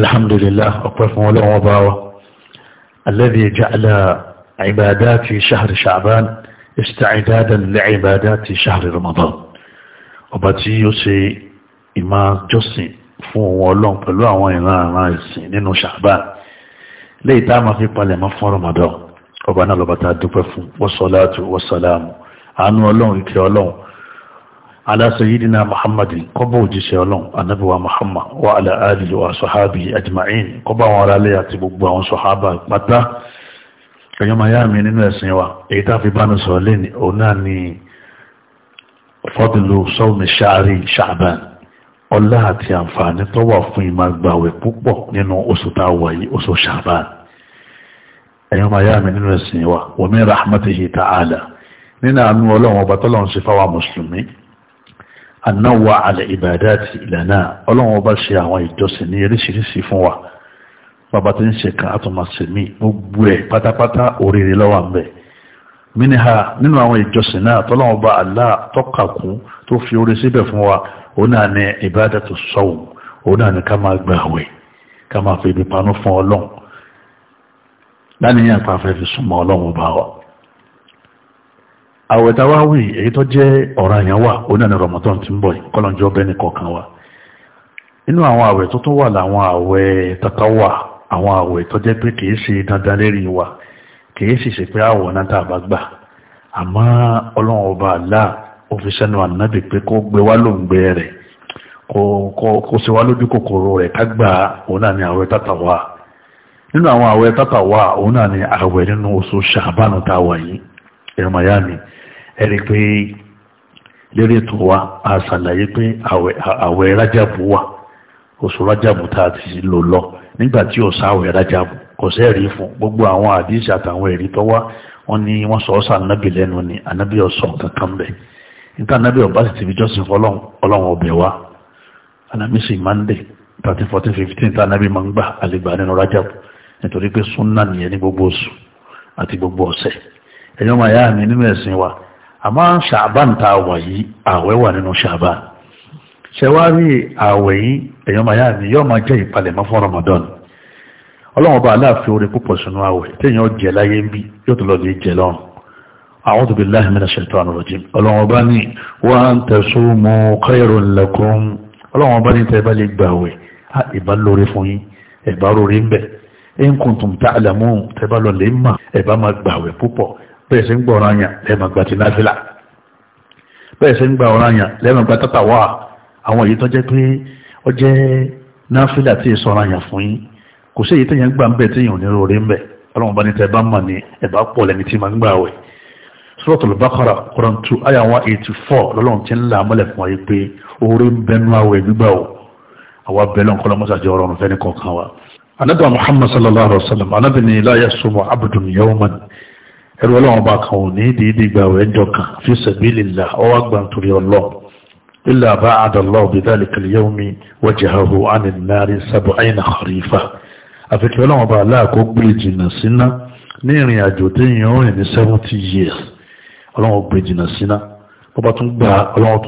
alhamdulillah ọpẹ́ fún ọlọ́wọ́ bá wa alladhi ja'ala ibadati shahri sha'ban isti'dadan li ibadati shahri ramadan ọba tí ó ṣe ìmá jọ́sìn fún ohun ọlọ́run pẹ̀lú àwọn ìran ìsìn nínú sha'ban léyìí tá a máa fi palẹ̀ ala sayyidina muhammadin kọ́bọ̀ òjíṣẹ́ ọlọ́run anábíwá muhammad wa ala alihi wa sahabi ajma'in kọ́bọ̀ àwọn aráalé àti gbogbo àwọn sahaba pátá ẹ̀yọ́ máa yá mi nínú ẹ̀sìn wa èyí tá fi bánu sọ̀rọ̀ lẹ́ni òun náà ni fadlu sawmi sha'ri sha'ban ọlá àti àǹfààní tó wà fún ìmàgbàwẹ̀ púpọ̀ nínú oṣù tá a wà yìí oṣù sha'ban ẹ̀yọ́ mi nínú ẹ̀sìn wa wa min rahmatihi ta'ala nínú àánú ọlọ́run ọba tọ́lọ́run ṣe fáwa mùsùlùmí anáwà alẹ́ ìbàdá àti ìlànà ọlọ́run ọba ṣe àwọn ìjọsìn ní eríṣiríṣi fún wa bàbá tí ń ṣe kan àtọmọsẹ̀mí gbogbo ẹ̀ pátápátá oríire lọ́wọ́ ń bẹ̀ mínìhà nínú àwọn ìjọsìn náà tọ́lọ́run ọba Allah tọ́ka kún tó fi orí síbẹ̀ fún wa òun náà ní ìbàdá tó sọ̀wọ́ òun náà ní ká máa gbà àwẹ̀ ká máa fi ibi panú fún ọlọ́run láníyàn pàfẹ́ fi súnmọ́ ọlọ́run ọba wa àwẹ̀ táwa wì èyí tó jẹ́ ọ̀rọ̀ àyàn wà ó náà ní Ramadan ti ń bọ̀ kọ́lọ́njọ́ bẹ́ẹ̀ nìkọ̀ọ̀kan wa inú àwọn àwẹ̀ tó tó wà láwọn àwẹ̀ tatawa àwọn àwẹ̀ tó jẹ́ pé kìí ṣe dandan lérí wa kìí sì ṣe pé àwọ̀ náà tá a bá gbà àmọ́ ọlọ́run ọba àlá ó fi sẹ́nu ànábì pé kó gbé wá ló ń gbé rẹ̀ kó ṣe wá lójú kòkòrò rẹ̀ ká gbà òun náà ní àwẹ̀ tatawa nínú àwọn àwẹ̀ tatawa òun náà ní àwẹ̀ nínú oṣù ṣàbánu tá a wà yìí ẹ̀rọ ẹ̀rí pé lórí ètò wa a ṣàlàyé pé àwẹ̀ rájàbù wà oṣù rájàbù tá a ti lò lọ nígbà tí ó sáwẹ̀ rájàbù kò sẹ́ẹ̀rí fún gbogbo àwọn àdíṣe àtàwọn ẹ̀rí tó wá wọ́n ní wọ́n sọ ọ́sà nábì lẹ́nu ni ànábì ọ̀sán kankan bẹ̀ níta nábì ọ̀bá sì ti fi jọ́sìn fọlọ́run ọlọ́run ọbẹ̀ wa anamisi mande thirteen fourteen fifteen tá nábì máa ń gbà àlegbà nínú rájàbù nítorí pé súnà nìyẹn ní gbogbo oṣù àti gbogbo ọ̀sẹ̀ ẹ̀yọ́ máa yá mi nínú ẹ̀sìn wa àmọ́ ṣàbán ta wà yìí àwẹ̀ wà nínú ṣàbán ṣẹwárí àwẹ̀ yìí èyàn máa yá ni yọ́ máa jẹ́ ìpalẹ̀mọ́ fún Ramadan ọlọ́run ọba aláàfin orí púpọ̀ sínú àwẹ̀ téèyàn jẹ láyé ń bí yóò tó lọ lè jẹ lọ́run a'udhu billahi minash shaitani rajim ọlọ́run ọba ní wa an tasumu khairun lakum ọlọ́run ọba bẹ́ẹ̀ sí ń gbọ́ ọ̀ràn yàn lẹ́mọ̀ gbà ti náfìlà bẹ́ẹ̀ sí ń gbà ọ̀ràn yàn lẹ́mọ̀ gbà tàtà wà àwọn èyí tó jẹ́ pé ó jẹ́ náfìlà tí èso ọ̀ràn yàn fún yín kò sí èyí tẹ̀yàn gbà ń bẹ̀ téèyàn ní orí ń bẹ̀ ọlọ́run ní tẹ́ bá mọ̀ ní ẹ̀bá pọ̀ lẹ́ni tí máa ń gbà wẹ̀ Suratul Baqara Quran two aya one eighty four lọ́lọ́run ti ń là mọ́lẹ̀ fún wa yìí pé orí ń bẹnu àwẹ̀ gbígbà o àwa bẹ́ẹ̀ lọ́n kọ́lọ́ mọ́sàájọ́ ọ̀rọ̀ ọ̀rùn fẹ́ni kọ̀ọ̀kan wa. anabi Muhammad sallallahu alayhi wa sallam anabi ni la yasumu abdun yawman ẹ̀rù ọlọ́run bá kan ò ní dìídì gbàwẹ̀ ẹjọ́ kan fi sabilillah ọwọ́ gbà nítorí ọlọ́ ilẹ̀ àbá àdàlọ́ òbídàlẹ̀ kìlìyàwómi wajhahu anil nari sab'ina kharifa àfikẹ́ ọlọ́run bá aláàkó gbé jìnnà síná ní ìrìn àjò téèyàn ó rìn ní seventy years ọlọ́run gbé jìnnà síná bó bá tún gbà ọlọ́run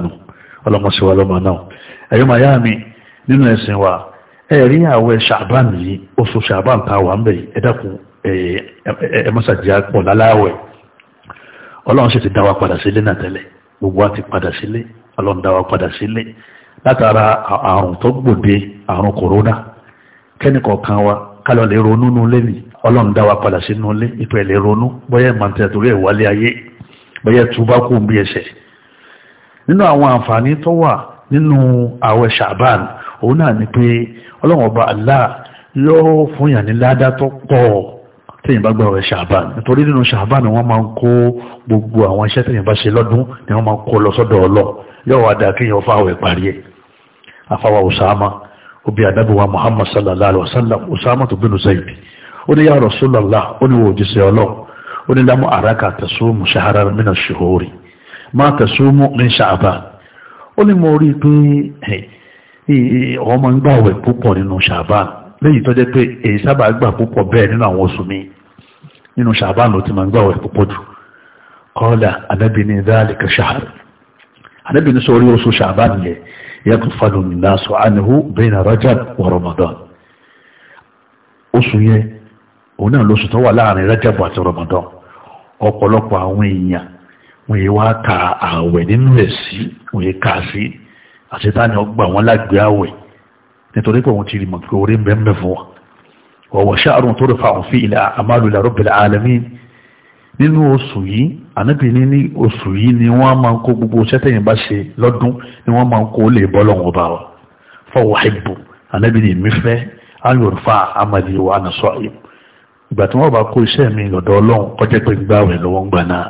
tún ọlọ́mọṣẹ́wà lọ́mọ náà ẹ̀yọ́ màá yá mi nínú ẹ̀sìn wa ẹ̀rí àwẹ̀ ṣàbán yìí oṣù ṣàbán ta wà ń bẹ̀ ẹ dákun ẹ mọ́sàdíà pọ̀ láláwẹ̀ ọlọ́run sì ti dá wa padà sílé náà tẹ́lẹ̀ gbogbo wa ti padà sílé ọlọ́run dá wa padà sílé látara àrùn tó gbòde àrùn kòrónà kẹ́nìkọ̀ọ̀kan wa kálọ̀ lè ronú nulẹ̀ nìí ọlọ́run dá wa padà sínú ilé ìpẹ̀lẹ̀ ronú bọ́yẹ̀ màtẹ̀ torí ẹ̀wálé ayé bọ́yẹ̀ túbá bí ẹsẹ̀ nínú àwọn àǹfààní tó wà nínú àwẹ̀ ṣàbán òun náà ni pé ọlọ́run ọba Allah yóò fún yàn ní ládá tó pọ̀ tẹ́yìn bá gba àwẹ̀ ṣàbán nítorí nínú ṣàbán wọ́n máa ń kó gbogbo àwọn iṣẹ́ tẹ́yìn bá ṣe lọ́dún ni wọ́n máa ń kó lọ sọ́dọ̀ ọlọ́ yóò wá dáa kéèyàn fa àwẹ̀ parí ẹ̀ afáwa Usama obi adábíwa Muhammad sallallahu alaihi wasallam Usama tó bínú Zayd ó ní ya Rasulullah ó ní wo òjíṣẹ́ ọlọ́ ó ní lámú àràkà tẹ̀sùn mùsàárà mìíràn ṣòhórí má tẹ̀sùmù ní ṣàbà ó ní mo rí pé ọmọ ń gbàwẹ̀ púpọ̀ nínú ṣàbà léyìí tó jẹ́ pé èyí sábà gbà púpọ̀ bẹ́ẹ̀ nínú àwọn oṣù mi nínú ṣàbà ló ti máa ń gbàwẹ̀ púpọ̀ jù kọ́lá anábìnrin dáàlìkà ṣàhàrì anábìnrin sọ orí oṣù ṣàbà nìyẹn yẹ́kùnfàlù nìlásọ ánìhù bẹ́ẹ̀nà rajab ọ̀pọ̀lọpọ̀ àwọn èèyàn wọ́n yìí wá ka ààwẹ̀ nínú ẹ̀ sí wọ́n yìí ka sí àṣetáni ọgbà wọn lágbé ààwẹ̀ nítorí pé wọ́n ti rí mọ̀kí orí ń bẹ́ẹ̀ fún wọn wọ̀wọ̀ ṣáàrùn tó rẹ̀fà òfin ilẹ̀ àmàlùlẹ̀ rọ́bìlẹ̀ alamin nínú oṣù yìí ànábìíní ní oṣù yìí ni wọ́n máa ń kó gbogbo sẹ́tẹ̀yìn bá ṣe lọ́dún ni wọ́n máa ń kó lè bọ́ lọ́wọ́ bá wa fọwọ́ ẹ̀bù ànábìíní mi fẹ́ alùrùfà amàlì wa nàṣọ́ ìgbà tí wọ́n bá kó iṣẹ́ mi lọ́dọ̀ ọlọ́run kọjá pé gbáwẹ̀ lọ́wọ́ ń gbà náà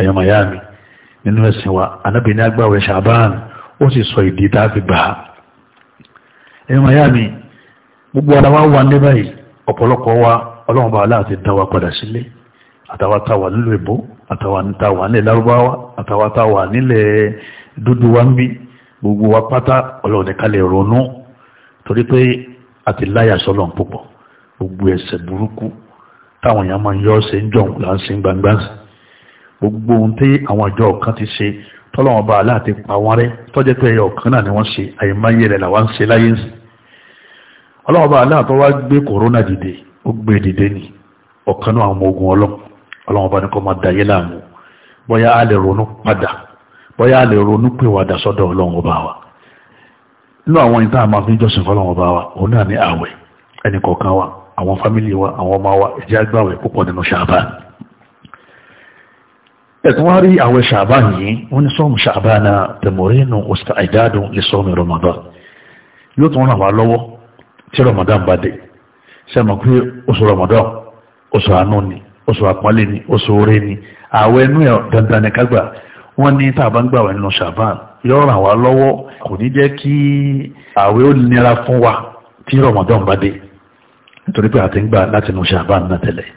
ẹ̀yọ́ miami nínú ẹ̀sìn wa anábì ní agbáwẹ̀ ṣàbán ó sì sọ ìdí tá gbà á ẹ̀yọ́ miami gbogbo ara wa wà ní báyìí ọ̀pọ̀lọpọ̀ wa ọlọ́run bá aláàtì dá wa padà sílé àtàwa tá wà nílùú èbó àtàwa tá wà nílẹ̀ lárúbáwá àtàwa tá wà nílẹ̀ dúdú wa ń bí gbogbo wa pátá ọlọ́run nìkan lè ronú torí pé a gbogbo ẹ̀ṣẹ̀ burúkú táwọn èèyàn máa ń yọ́ ṣe ń jọ̀hún là ń sin gbogbo ohun tí àwọn àjọ kan ti ṣe tọ́lọ́wọ́n bá aláàtí pa wọ́n rẹ́ tọ́jẹ́ pé ẹyọ kan náà ni wọ́n ṣe àìmáyé rẹ̀ làwọn ń ṣe láyé ń sìn ọlọ́wọ́n bá aláàtọ́ wá gbé kòrónà dìde ó gbé e dìde ni ọ̀kan náà àwọn ogun ọlọ́ ọlọ́wọ́n bá ní kọ́ máa dàyé láàmú bóyá a lè ronú padà bóyá a lè ronú pé wàdà sọ́dọ̀ ọlọ́wọ́n bá wa inú àwọn ìta àmà fi jọ́sìn fọlọ́wọ́n bá wa òun náà ní àwẹ̀ ẹnì kọ̀ọ̀kan wa àwọn fámìlì wa àwọn ọmọ wa ìjà gbàwẹ̀ púpọ̀ nínú ṣàbáà ẹ̀tún wá rí àwẹ̀ ṣàbán yìí wọ́n ní sọ́ọ̀mù ṣàbánà tẹ̀mọ̀rínù òsìtà ìdádùn lè sọ́ọ̀mù ramadan yóò tún ràn wá lọ́wọ́ tí ramadan bá dé sẹ́mọ̀ pé oṣù ramadan oṣù àánú ni oṣù àpọ́nlé ni oṣù oore ni àwẹ̀ inú ẹ̀ dandan ní kágbà wọ́n ní tá a bá ń gbàwẹ̀ nínú ṣàbán yóò ràn wá lọ́wọ́ kò ní jẹ́ kí àwẹ̀ ó nira fún wa tí ramadan bá dé nítorí pé àti ń gbà láti nù ṣàbán náà tẹ̀lẹ̀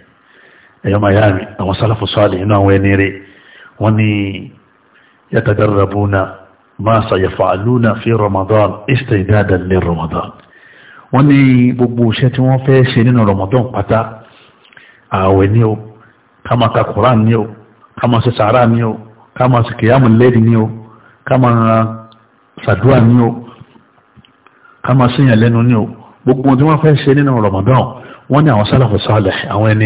ẹ̀yọ́ mayami àwọn sálàfù sọ́ọ̀lì inú àwọn ẹni rèé wọ́n ní yatadarrabuna ma sayafaluna fi Ramadan istidadan li Ramadan wọ́n ní gbogbo iṣẹ́ tí wọ́n fẹ́ ṣe nínú Ramadan pátá ààwẹ̀ ni o ká máa ka Quran ni o ká máa ṣe sàárà ni o ká máa ṣe kìyàmù lẹ́ẹ̀dì ni o ká ṣàdúrà ni o ká ṣèyàn lẹ́nu ni o gbogbo tí wọ́n fẹ́ ṣe nínú Ramadan wọ́n ní àwọn sálàfù sálẹ̀ àwọn ẹni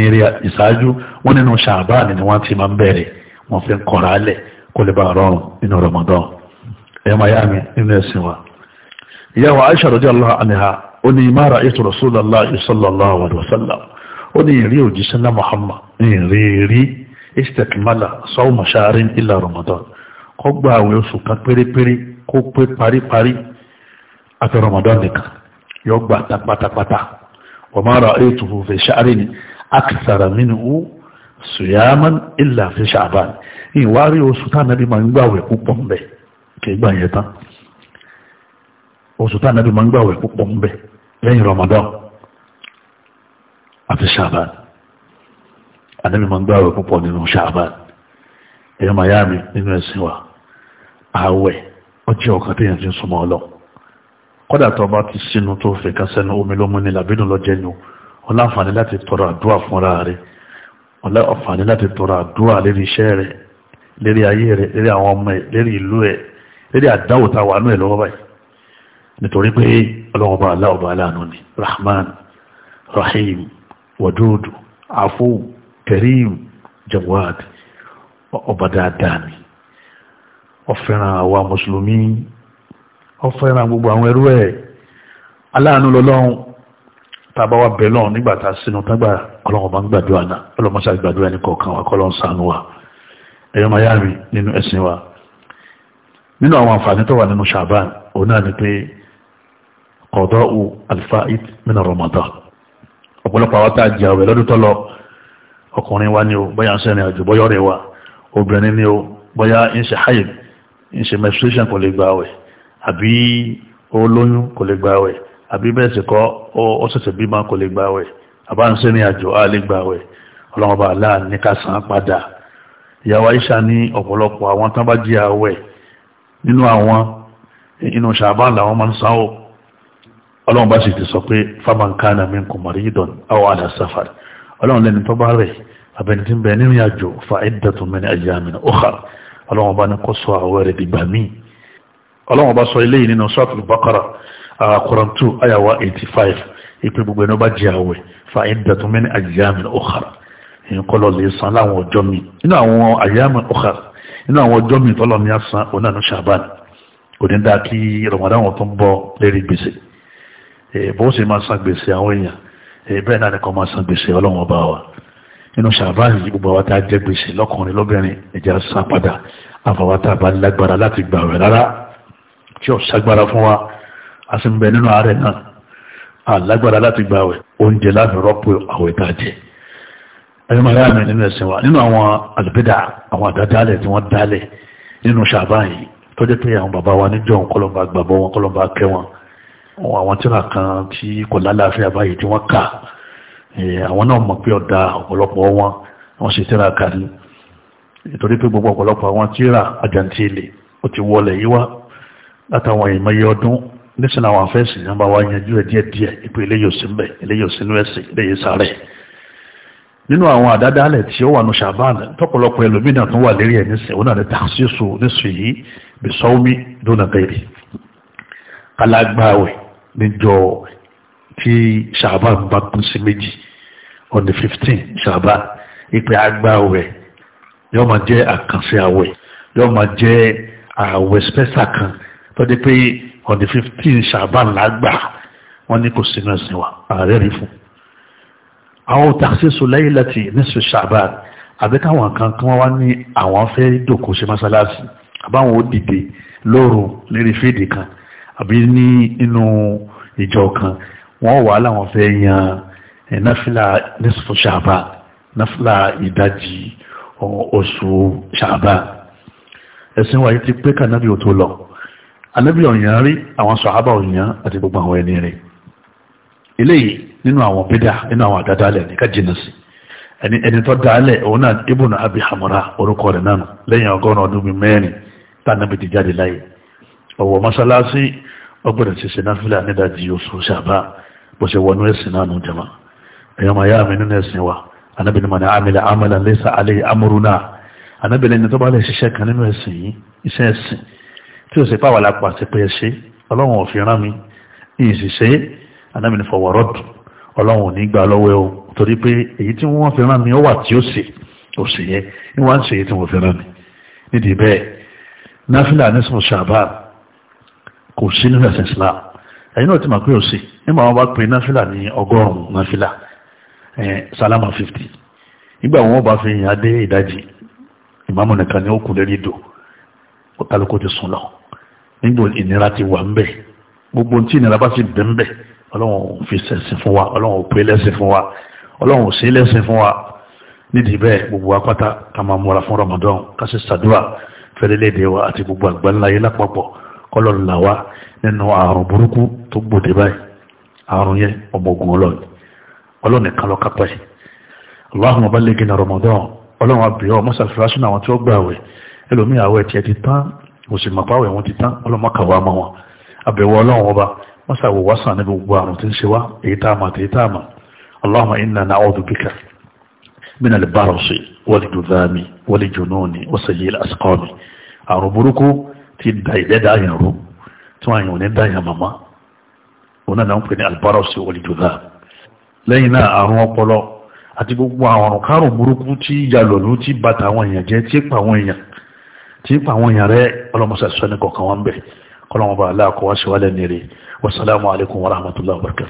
ìṣáájú wọ́n nínú Ṣàbáànì ni wọ́n ti máa ń bẹ̀rẹ̀ wọ́n fi ń kọ̀ra alẹ̀ kó lè bá rọrùn nínú Ramadan ẹ̀yọ́ máa yá mi nínú ẹ̀sìn wa ìyá wa Aisha radiyallahu anha ó ní mara ètò Rasulullah sallallahu alaihi wasallam ó ní ìrí òjíṣẹ́ ńlá Muhammad ní ìrí rí istikmala sawma shahrin illa Ramadan kó gba àwọn oṣù kan pérépéré kó pé sùyàmán ìlà fi ṣàbán ìwárí oṣù tánàbí ma ń gbàwẹ̀ púpọ̀ ń bẹ̀ kẹgbà yẹn tán oṣù tánàbí ma ń gbàwẹ̀ púpọ̀ ń bẹ̀ lẹ́yìn Ramadan àti ṣàbán anábí ma ń gbàwẹ̀ púpọ̀ nínú ṣàbán èyí ma yá nínú ẹ̀sìn wa ààwẹ̀ ọjọ́ ọ̀kan tí yẹn ti ń súnmọ́ ọlọ kódà tó bá ti sínú tó fẹ̀ká sẹ́nu omi ló ní làbínú lọ́jẹ́ ọláǹfààní láti tọrọ àdúrà fúnra rẹ̀ ọ̀lẹ́ ọ̀fàní láti tọrọ àdúrà lérí iṣẹ́ rẹ̀ lérí ayé rẹ̀ lérí àwọn ọmọ ẹ̀ lérí ìlú ẹ̀ lérí àdáwò tá a wà nú ẹ̀ lọ́wọ́ báyìí nítorí pé ọlọ́wọ́ bá aláàánú ni rahman rahim wadudu afu karim jawad ọba dáadáa ni ó àwa mùsùlùmí ó gbogbo àwọn ẹrú ẹ̀ aláàánú lọ́lọ́run tàbá wa bẹ̀ lọ́run nígbà tá a sinú tágbà ọlọ́run bá ń gbàdúrà náà ọlọ́mọṣà gbàdúrà ní kọ̀ọ̀kan wa kọ́ lọ́n sànú wa ẹ̀yọ́ máa yá mi nínú ẹ̀sìn wa nínú àwọn àǹfààní tó wà nínú ṣàbán òun náà ni pé kọ̀dọ̀ u alfa'id mina Ramadan ọ̀pọ̀lọpọ̀ àwọn tá a jẹ o bóyá ń sẹ́rin àjò bóyá o bóyá ń ṣe hayib ń ṣe menstruation kò lè gbà àwẹ̀ àbí olóyún àbí bẹ́ẹ̀ sì kọ́ ó ṣẹ̀ṣẹ̀ bímọ kò lè gbààwẹ̀ àbá ń sẹ́ni àjò á lè gbààwẹ̀ ọlọ́run bá aláà ní ká san padà ìyàwó Aisha ní ọ̀pọ̀lọpọ̀ àwọn tán bá jí àwẹ̀ nínú àwọn inú ṣàbá làwọn máa ń san ó ọlọ́run bá sì ti sọ pé fábàǹkánà mi fa iddatu min ayyamin ukhar ọlọ́run bá ní kó sọ àwẹ̀ rẹ̀ dìgbà míì ọlọ́run bá sọ Uh, Quran two aya 85 eighty five gbogbo ẹni ọba jẹ àwẹ̀ fa iddatun min ayyamin ukhar ìkọlọ lè san láwọn ọjọ́ mi nínú àwọn ayyamin ukhar nínú àwọn ọjọ́ mi tọ́lọ̀ ní àsán onáàánú ṣàbán òní dáa kí Ramadan wọn tó ń bọ̀ lérí gbèsè bó ṣe máa san gbèsè àwọn èèyàn bẹ́ẹ̀ náà nìkan máa san gbèsè ọlọ́run ọba wa nínú ṣàbáyé yìí gbogbo àwọn tá a jẹ gbèsè lọ́kùnrin lóbìnrin ìjà san padà àfọwọ́ bá lágbára láti gbà wẹ̀ rárá tí ò ságbára fún wa a sì ń bẹ nínú ààrẹ náà alágbára láti gba àwẹ̀ oúnjẹ láti rọ́pò àwẹ̀ tá a jẹ ẹ̀yọ́ máa yára nínú ẹ̀sìn wa nínú àwọn àlùbídà àwọn àdádálẹ̀ tí wọ́n dálẹ̀ nínú ṣàbáyé yìí tọ́jẹ́ pé àwọn bàbá wa níjọ́ kọlọ́mbà gbàgbọ́ wọn kọlọ́mbà kẹ́ wọn àwọn tíra kan tí kò lálàáfíà báyìí tí wọ́n kà àwọn náà mọ̀ pé ọ̀dà ọ̀pọ̀lọpọ̀ wọn wọ́n látàwọn ìmọ̀ye ọdún nísìnyí àwọn afẹ́sì ní àbáwá yanjú ẹ̀ díẹ̀díẹ̀ ipò eléyìí òsì mbẹ̀ eléyìí òsì inú ẹ̀sìn eléyìí sàárẹ̀ nínú àwọn àdádálẹ̀ tí ó wà ní Ṣàbán tọ́pọ̀lọpọ̀ ẹlòmínà tó wà lérí ẹ̀ nísìnyí òun náà tàṣíṣù nísù yìí bí sọ́ọ́mí dóná níjọ tí Ṣàbán bá kún sí méjì on the fifteen Ṣàbán ìpè agbáwẹ̀ yóò máa jẹ́ àkànṣe àwẹ̀ yóò máa jẹ́ àwẹ̀ spẹ́sà kan tó pé on the fifteen ṣàbàn lágbà wọ́n ní kò sínú ẹ̀sìn wa ààrẹ rí fún àwọn takhsisu laylati nisfu ṣàbàn àbí káwọn kan kí wọ́n wá ní àwọn fẹ́ dòkó ṣe mọ́sálásì àbáwọn ó dìde lóòrùn lérí fídì kan àbí ní inú ìjọ kan wọ́n wà láwọn fẹ́ yan eh, náfìlà nisfu ṣàbàn náfìlà ìdajì eh, oṣù ṣàbàn ẹ̀sìn wa ti pé kànáàbì ò tó lọ anábì ọ̀yàn rí àwọn sọ̀hábà ọ̀yàn àti gbogbo àwọn ẹni rẹ̀ eléyìí nínú àwọn bídà nínú àwọn àdádálẹ̀ ní ká jìnnà sí ẹni ẹni tó dálẹ̀ òun náà ibùnà abi hamura orúkọ rẹ̀ náà lẹ́yìn ọgọ́rùn ọdún bíi mẹ́rin tánàbì ti jáde láyé ọ̀wọ̀ mọ́sálásí ọgbẹ̀rẹ̀ ti sinafila nídàjì oṣù ṣàbá bó ṣe wọnú ẹ̀sìn náà nù jama ẹ̀yọ́ máa yá mi nínú ẹ̀sìn wa anábì ni mọ̀nà àmìlà amalan laysa alayhi amruna anábì lẹ́ni tó bá lè ṣiṣẹ́ kan nínú ẹ̀sìn yìí iṣẹ́ ẹ̀sìn tí ó sì pàwà lápá sí pé ṣe ọlọ́run ò fi rán mi ìṣiṣẹ́ anábì ní fọwọ́rọ́dù ọlọ́run ò ní gbà lọ́wọ́ ẹ̀ o torí pé èyí tí wọ́n fi rán mi ó wà tí ó sì ó sì yẹ ní wọ́n ń ṣe èyí tí wọ́n fi rán mi nídìí bẹ́ẹ̀ náfìlà nísìmọ̀ ṣàbá kò sí nílẹ̀ sẹ́sìlá ẹ̀yin náà ti mà pé ó nígbà wọn bá pe náfìlà ní ọgọ́rùn-ún náfìlà sálámà 50 nígbà wọn bá fi yàn á dé ìdajì ìmáàmù nìkan ní ó kù lérí ìdò kálukú ti sùn lọ nígbò ìnira ti wà ń bẹ̀ gbogbo tí ìnira bá ti bẹ̀ ń bẹ̀ ọlọ́run fi sẹ̀sìn fún wa ọlọ́run pè lẹ́sìn fún wa ọlọ́run sí lẹ́sìn fún wa nídìí bẹ́ẹ̀ gbogbo apáta ká máa múra fún Ramadan ká sì ṣàdúrà fẹ́lẹ́lẹ́dẹ̀ wa àti gbogbo àgbáńláyé lápapọ̀ kọ́lọ́run là wá nínú àrùn burúkú tó gbòde báyìí àrùn yẹn ọmọ ogun ọlọ́run ọlọ́run nìkan ló kápá yìí Allahumma ballighna Ramadan ọlọ́run àbíọ́ mọ́sàfíà sínú àwọn tí ó gbà wẹ̀ ẹlòmíà àwẹ̀ tiẹ̀ tán òsì màpáwẹ̀ wọn ti tán ọlọ́mọkàwá mọ́ wọn àbẹ̀wò ọlọ́run ọba wọ́n sàwò wá sàn níbi gbogbo àrùn tí ń ṣe wá èyí tá a mọ̀ àtẹ̀yí tá a mọ̀ Allahumma inna na'udhu bika min al-barasi wal judhami wal jununi wa sayyi al-asqami àrùn burúkú ti da ìdẹ́dà àyàn rú tí wọ́n àyàn ò ní dá tí ń fa àwọn èèyàn rẹ̀ ọlọ́mọsá sọ ní kọ̀ọ̀kan wọn bẹ̀ kọ́lọ́mọba aláàkọ́wá ṣe wasalaamu alaykum wa rahmatullahi